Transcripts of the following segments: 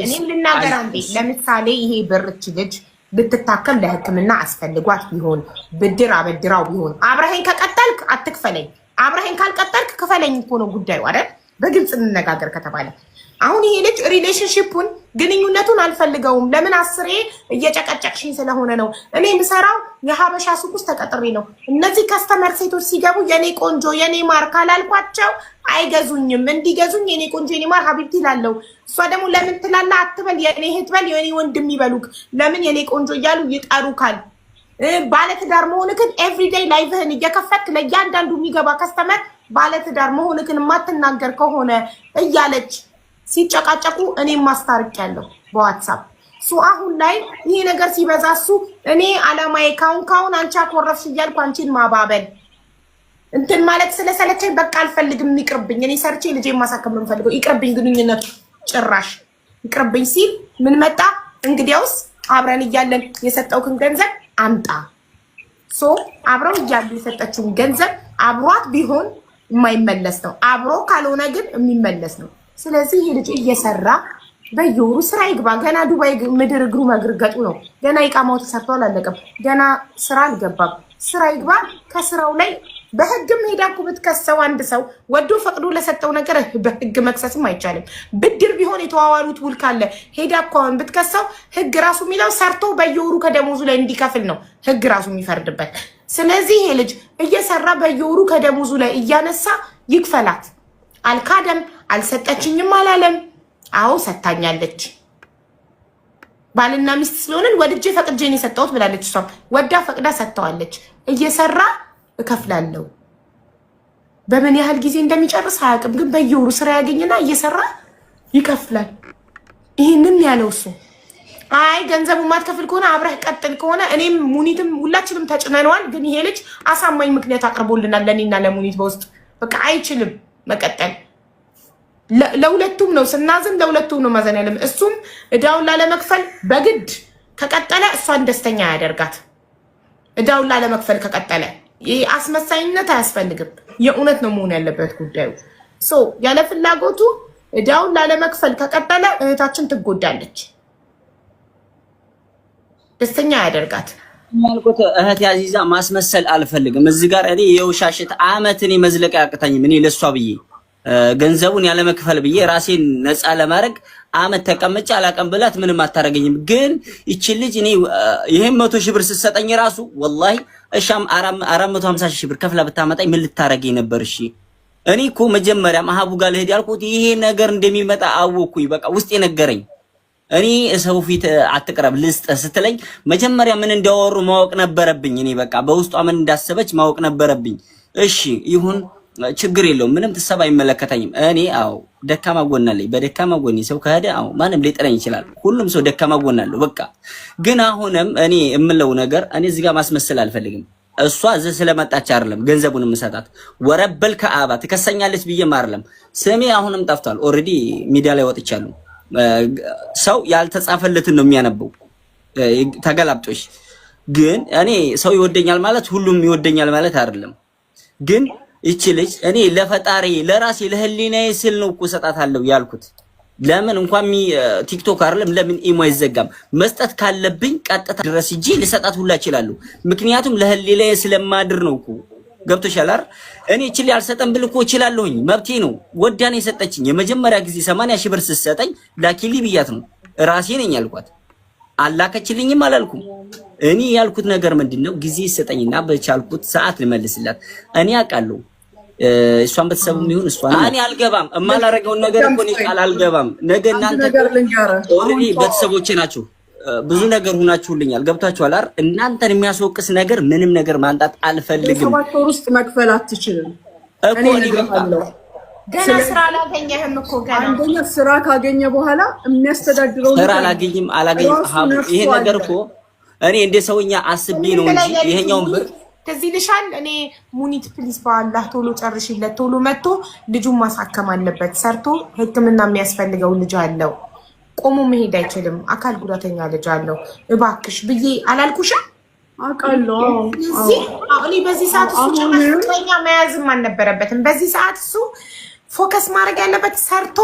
እኔም ልናገር አንዴ። ለምሳሌ ይሄ ብርች ልጅ ብትታከም ለሕክምና አስፈልጓት ቢሆን ብድር አበድራው ቢሆን አብረሄን ከቀጠልክ አትክፈለኝ፣ አብረሄን ካልቀጠልክ ክፈለኝ እኮ ነው ጉዳዩ አይደል? በግልጽ እንነጋገር ከተባለ አሁን ይሄ ልጅ ሪሌሽንሽፑን ግንኙነቱን አልፈልገውም። ለምን አስሬ እየጨቀጨቅሽኝ ስለሆነ ነው። እኔ ምሰራው የሀበሻ ሱቅ ውስጥ ተቀጥሬ ነው። እነዚህ ከስተመር ሴቶች ሲገቡ የኔ ቆንጆ የኔ ማር ካላልኳቸው አይገዙኝም። እንዲገዙኝ የኔ ቆንጆ የኔ ማር ሀቢብቲ ላለው እሷ ደግሞ ለምን ትላላ አትበል፣ የኔ ህትበል፣ የኔ ወንድም ይበሉክ፣ ለምን የኔ ቆንጆ እያሉ ይጠሩካል። ባለትዳር መሆንክን ኤቭሪዴይ ላይቭህን እየከፈትክ ለእያንዳንዱ የሚገባ ከስተመር ባለትዳር መሆንክን የማትናገር ከሆነ እያለች ሲጨቃጨቁ እኔም ያለው በዋትሳፕ ሱ አሁን ላይ ይሄ ነገር ሲበዛ እሱ እኔ አለማዬ ካሁን ካሁን አንቺ አኮረፍሽ እያልኩ አንቺን ማባበል እንትን ማለት ስለሰለቸኝ በቃ አልፈልግም፣ ይቅርብኝ፣ እኔ ሰርቼ ልጄ ማሳከም ነው የምፈልገው፣ ይቅርብኝ፣ ግንኙነቱ ጭራሽ ይቅርብኝ ሲል ምን መጣ? እንግዲያውስ አብረን እያለን የሰጠውክን ገንዘብ አምጣ። ሶ አብረው እያሉ የሰጠችውን ገንዘብ አብሯት ቢሆን የማይመለስ ነው፣ አብሮ ካልሆነ ግን የሚመለስ ነው። ስለዚህ ይህ ልጅ እየሰራ በየወሩ ስራ ይግባ። ገና ዱባይ ምድር እግሩ መግርገጡ ነው። ገና ይቃማው ተሰርቶ አላለቀም። ገና ስራ አልገባም። ስራ ይግባ። ከስራው ላይ በህግም ሄዳ እኮ ብትከሰው አንድ ሰው ወዶ ፈቅዶ ለሰጠው ነገር በህግ መክሰስም አይቻልም። ብድር ቢሆን የተዋዋሉት ውል ካለ ሄዳ እኮ አሁን ብትከሰው ህግ ራሱ የሚለው ሰርቶ በየወሩ ከደሞዙ ላይ እንዲከፍል ነው ህግ ራሱ የሚፈርድበት። ስለዚህ ይሄ ልጅ እየሰራ በየወሩ ከደሞዙ ላይ እያነሳ ይክፈላት። አልካደም። አልሰጠችኝም አላለም። አዎ ሰታኛለች። ባልና ሚስት ስለሆነን ወድጄ ፈቅጄን የሰጠሁት ብላለች። እሷም ወዳ ፈቅዳ ሰጥተዋለች። እየሰራ እከፍላለሁ። በምን ያህል ጊዜ እንደሚጨርስ አያውቅም፣ ግን በየወሩ ስራ ያገኝና እየሰራ ይከፍላል። ይህንን ያለው እሱ አይ ገንዘቡ ማትከፍል ከሆነ አብረህ ቀጥል ከሆነ እኔም ሙኒትም ሁላችንም ተጭነነዋል። ግን ይሄ ልጅ አሳማኝ ምክንያት አቅርቦልናል ለእኔና ለሙኒት በውስጥ በቃ አይችልም መቀጠል ለሁለቱም ነው ስናዝን፣ ለሁለቱም ነው ማዘን ያለም። እሱም እዳውን ላለመክፈል በግድ ከቀጠለ እሷን ደስተኛ ያደርጋት። እዳውን ላለመክፈል ከቀጠለ ይህ አስመሳይነት አያስፈልግም። የእውነት ነው መሆን ያለበት ጉዳዩ። ያለ ፍላጎቱ እዳውን ላለመክፈል ከቀጠለ እህታችን ትጎዳለች። ደስተኛ ያደርጋት። ያልኩት እህት ያዚዛ ማስመሰል አልፈልግም። እዚህ ጋር እኔ የውሻሽት አመትን መዝለቅ ያቅተኝም። እኔ ለሷ ብዬ ገንዘቡን ያለመክፈል ብዬ ራሴን ነፃ ለማድረግ አመት ተቀምጬ አላቀም ብላት ምንም አታደርገኝም። ግን ይቺ ልጅ እኔ ይሄን መቶ ሺህ ብር ስትሰጠኝ ራሱ ወላሂ እሻም 450 ሺህ ብር ከፍላ ብታመጣኝ ምን ልታደርገኝ ነበር? እሺ እኔ እኮ መጀመሪያ ማህቡ ጋር ልሄድ ያልኩት ይሄ ነገር እንደሚመጣ አወኩኝ። በቃ ውስጥ ነገረኝ እኔ ሰው ፊት አትቅረብ ልስጥ ስትለኝ መጀመሪያ ምን እንዳወሩ ማወቅ ነበረብኝ። እኔ በቃ በውስጧ ምን እንዳሰበች ማወቅ ነበረብኝ። እሺ ይሁን ችግር የለውም ምንም ትሰብ አይመለከተኝም። እኔ አዎ ደካማ ጎናለኝ። በደካማ ጎን ሰው ከሄደ አዎ ማንም ሊጥለኝ ይችላል። ሁሉም ሰው ደካማ ጎን በቃ ግን አሁንም እኔ የምለው ነገር እኔ እዚህ ጋር ማስመሰል አልፈልግም። እሷ እዚህ ስለመጣች አይደለም ገንዘቡን የምሰጣት። ወረበል ከአባ ትከሰኛለች ብዬም አይደለም ስሜ አሁንም ጠፍቷል። ኦልሬዲ ሚዲያ ላይ ወጥቻለሁ። ሰው ያልተጻፈለትን ነው የሚያነበው ተገላብጦሽ። ግን እኔ ሰው ይወደኛል ማለት ሁሉም ይወደኛል ማለት አይደለም። ግን እቺ ልጅ እኔ ለፈጣሪ ለራሴ ለህሊናዬ ስል ነው እኮ እሰጣታለሁ ያልኩት። ለምን እንኳን ቲክቶክ አይደለም ለምን ኢሞ አይዘጋም? መስጠት ካለብኝ ቀጥታ ድረስ እጄ ልሰጣት ሁላ እችላለሁ። ምክንያቱም ለህሊናዬ ስለማድር ነው እኮ ገብቶሻል አይደል? እኔ እችል ያልሰጠን ብል እኮ እችላለሁኝ፣ መብቴ ነው። ወዳን የሰጠችኝ የመጀመሪያ ጊዜ 80 ሺህ ብር ስትሰጠኝ ላኪልኝ ብያት ነው ራሴ ነኝ ያልኳት። አላከችልኝም አላልኩም። እኔ ያልኩት ነገር ምንድን ነው ጊዜ ይሰጠኝና በቻልኩት ሰዓት ልመልስላት። እኔ አውቃለሁ እሷን በተሰቡ የሚሆን እሷን እኔ አልገባም። እማላረገውን ነገር እኮ እኔ ቃል አልገባም። ነገ እናንተ ኦልሬዲ ቤተሰቦቼ ናቸው ብዙ ነገር ሁናችሁልኛል። ገብታችኋል አይደል? እናንተን የሚያስወቅስ ነገር ምንም ነገር ማንጣት አልፈልግም። ሰባት ወር ውስጥ መክፈል አትችልም እኮ እኔ ገና ስራ አላገኘህም እኮ ገና አንደኛ ስራ ካገኘ በኋላ የሚያስተዳድረው ስራ አላገኝም አላገኝም። ይሄ ነገር እኮ እኔ እንደ ሰውኛ አስቤ ነው እንጂ ይሄኛውን ብር ከዚህ ልሻል እኔ ሙኒት ፕሊስ በአላህ ቶሎ ጨርሽለት። ቶሎ መጥቶ ልጁን ማሳከም አለበት። ሰርቶ ህክምና የሚያስፈልገው ልጅ አለው። ቆሞ መሄድ አይችልም። አካል ጉዳተኛ ልጅ አለው። እባክሽ ብዬ አላልኩሽም? አውቃለሁ። እኔ በዚህ ሰዓት እሱ መያዝም አልነበረበትም። በዚህ ሰዓት እሱ ፎከስ ማድረግ ያለበት ሰርቶ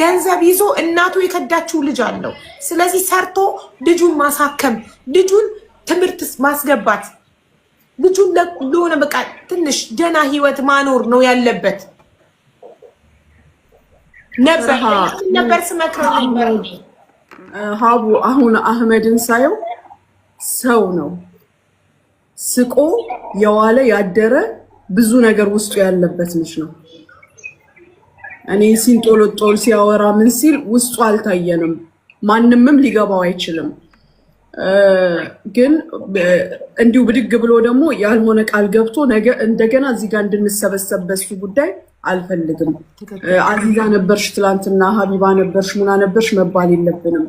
ገንዘብ ይዞ እናቱ የከዳችው ልጅ አለው። ስለዚህ ሰርቶ ልጁን ማሳከም፣ ልጁን ትምህርት ማስገባት፣ ልጁን ለሆነ በቃ ትንሽ ደህና ህይወት ማኖር ነው ያለበት። ነበር ስመክረው ሀቡ አሁን አህመድን ሳየው ሰው ነው ስቆ የዋለ ያደረ ብዙ ነገር ውስጡ ያለበት ልጅ ነው። እኔ ሲንጦሎጦል ሲያወራ ምን ሲል ውስጡ አልታየንም፣ ማንምም ሊገባው አይችልም። ግን እንዲሁ ብድግ ብሎ ደግሞ ያልሆነ ቃል ገብቶ ነገ እንደገና እዚህ ጋር እንድንሰበሰብ በሱ ጉዳይ አልፈልግም። አዚዛ ነበርሽ ትላንትና፣ ሀቢባ ነበርሽ፣ ሙና ነበርሽ መባል የለብንም።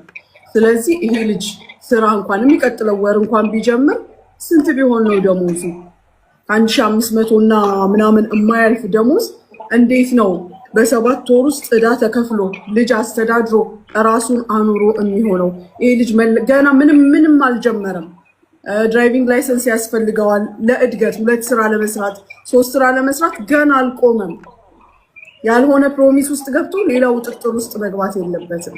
ስለዚህ ይሄ ልጅ ስራ እንኳን የሚቀጥለው ወር እንኳን ቢጀምር ስንት ቢሆን ነው ደሞዙ? ከአንድ ሺ አምስት መቶ እና ምናምን የማያልፍ ደሞዝ እንዴት ነው በሰባት ወር ውስጥ እዳ ተከፍሎ ልጅ አስተዳድሮ ራሱን አኑሮ የሚሆነው? ይሄ ልጅ ገና ምንም ምንም አልጀመረም። ድራይቪንግ ላይሰንስ ያስፈልገዋል ለእድገት፣ ሁለት ስራ ለመስራት ሶስት ስራ ለመስራት ገና አልቆመም። ያልሆነ ፕሮሚስ ውስጥ ገብቶ ሌላ ውጥርጥር ውስጥ መግባት የለበትም።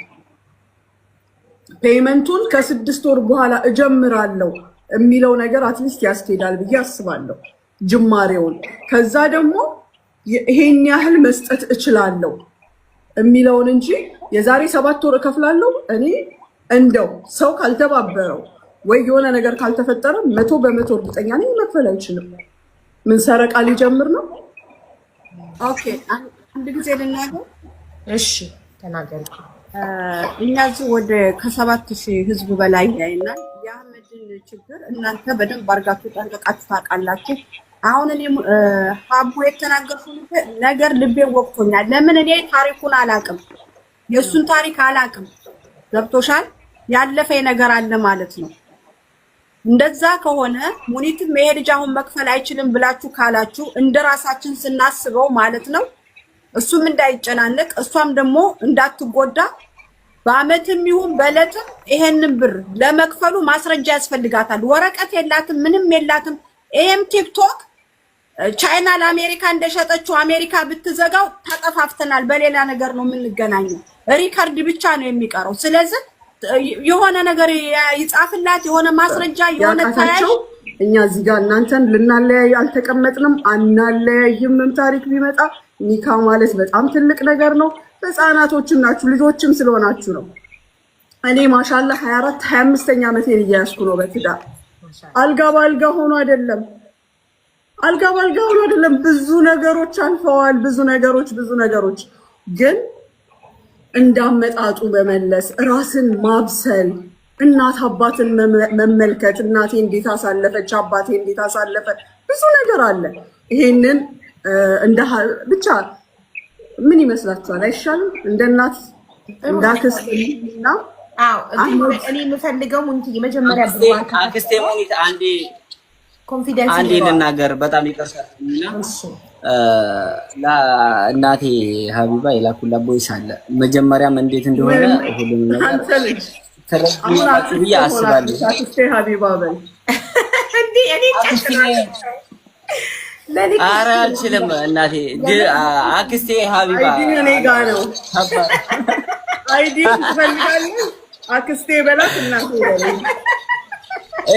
ፔይመንቱን ከስድስት ወር በኋላ እጀምራለሁ የሚለው ነገር አትሊስት ያስኬዳል ብዬ አስባለሁ ጅማሬውን። ከዛ ደግሞ ይሄን ያህል መስጠት እችላለሁ የሚለውን እንጂ የዛሬ ሰባት ወር እከፍላለሁ እኔ እንደው ሰው ካልተባበረው ወይ የሆነ ነገር ካልተፈጠረ መቶ በመቶ እርግጠኛ ነኝ መክፈል አይችልም። ምን ሰረቃ ሊጀምር ነው? ኦኬ አንድ ጊዜ ልናገር። እሺ ተናገር። እኛ እዚህ ወደ ከሰባት ሺህ ህዝብ በላይ ያይና የአህመድን ችግር እናንተ በደንብ አድርጋችሁ ጠንቀቃችሁ ታውቃላችሁ። አሁን እኔ ሀቡ የተናገርኩት ነገር ልቤ ወቅቶኛል። ለምን እኔ ታሪኩን አላውቅም፣ የእሱን ታሪክ አላውቅም። ገብቶሻል? ያለፈ ነገር አለ ማለት ነው። እንደዛ ከሆነ ሙኒትም ልጅ አሁን መክፈል አይችልም ብላችሁ ካላችሁ እንደ ራሳችን ስናስበው ማለት ነው እሱም እንዳይጨናነቅ እሷም ደግሞ እንዳትጎዳ በአመትም ይሁን በእለትም ይሄንን ብር ለመክፈሉ ማስረጃ ያስፈልጋታል። ወረቀት የላትም፣ ምንም የላትም። ይሄም ቲክቶክ ቻይና ለአሜሪካ እንደሸጠችው አሜሪካ ብትዘጋው ተጠፋፍተናል። በሌላ ነገር ነው የምንገናኘው። ሪከርድ ብቻ ነው የሚቀረው። ስለዚህ የሆነ ነገር ይጻፍላት፣ የሆነ ማስረጃ፣ የሆነ ታያቸው። እኛ እዚህ ጋር እናንተን ልናለያይ አልተቀመጥንም፣ አናለያይምም። ታሪክ ቢመጣ ኒካ ማለት በጣም ትልቅ ነገር ነው። ህፃናቶችም ናችሁ ልጆችም ስለሆናችሁ ነው። እኔ ማሻላ 24 25 ሀያ አምስተኛ ዓመቴን እያያዝኩ ነው በትዳር አልጋ በአልጋ ሆኖ አይደለም አልጋ ባልጋ ሆኖ አይደለም። ብዙ ነገሮች አልፈዋል። ብዙ ነገሮች ብዙ ነገሮች ግን እንዳመጣጡ በመለስ ራስን ማብሰል፣ እናት አባትን መመልከት፣ እናቴ እንዴት አሳለፈች፣ አባቴ እንዴት አሳለፈ፣ ብዙ ነገር አለ። ይሄንን እንደ ብቻ ምን ይመስላችኋል? አይሻልም? እንደ እናት እንደ እኔ የምፈልገው ሙኒት የመጀመሪያ አክስቴ ሙኒት አንዴ ኮንፊደንስ አንዴ ልናገር። በጣም ይቀርሳል እና ሀቢባ የላኩላ ቦይስ አለ። መጀመሪያም እንዴት እንደሆነ ሁሉም ነገር ተረድቼ አስባለሁ። አክስቴ ሀቢባ በል እንዴ እኔ ጨርሻለሁ አረ አልችልም እናቴ። አክስቴ ሀቢባ እኔ ጋር ነው። አይዲ ትፈልጋለህ? አክስቴ በላት እናቴ።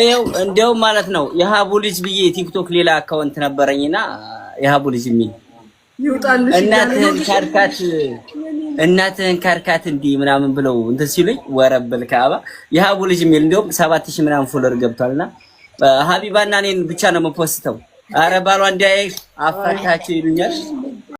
ይኸው ማለት ነው የሀቡ ልጅ ብዬ ቲክቶክ ሌላ አካውንት ነበረኝና የሀቡ ልጅ የሚል እናትህን ካርካት እናትህን ካርካት እንዲህ ምናምን ብለው እንትን ሲሉኝ ወረብል ከአባ የሀቡ ልጅ የሚል ሰባት ሺህ ምናምን ገብቷልና እኔን ብቻ ነው የምፖስተው አረ ባሏ እንዲያይ አፋታቸው ይሉኛል።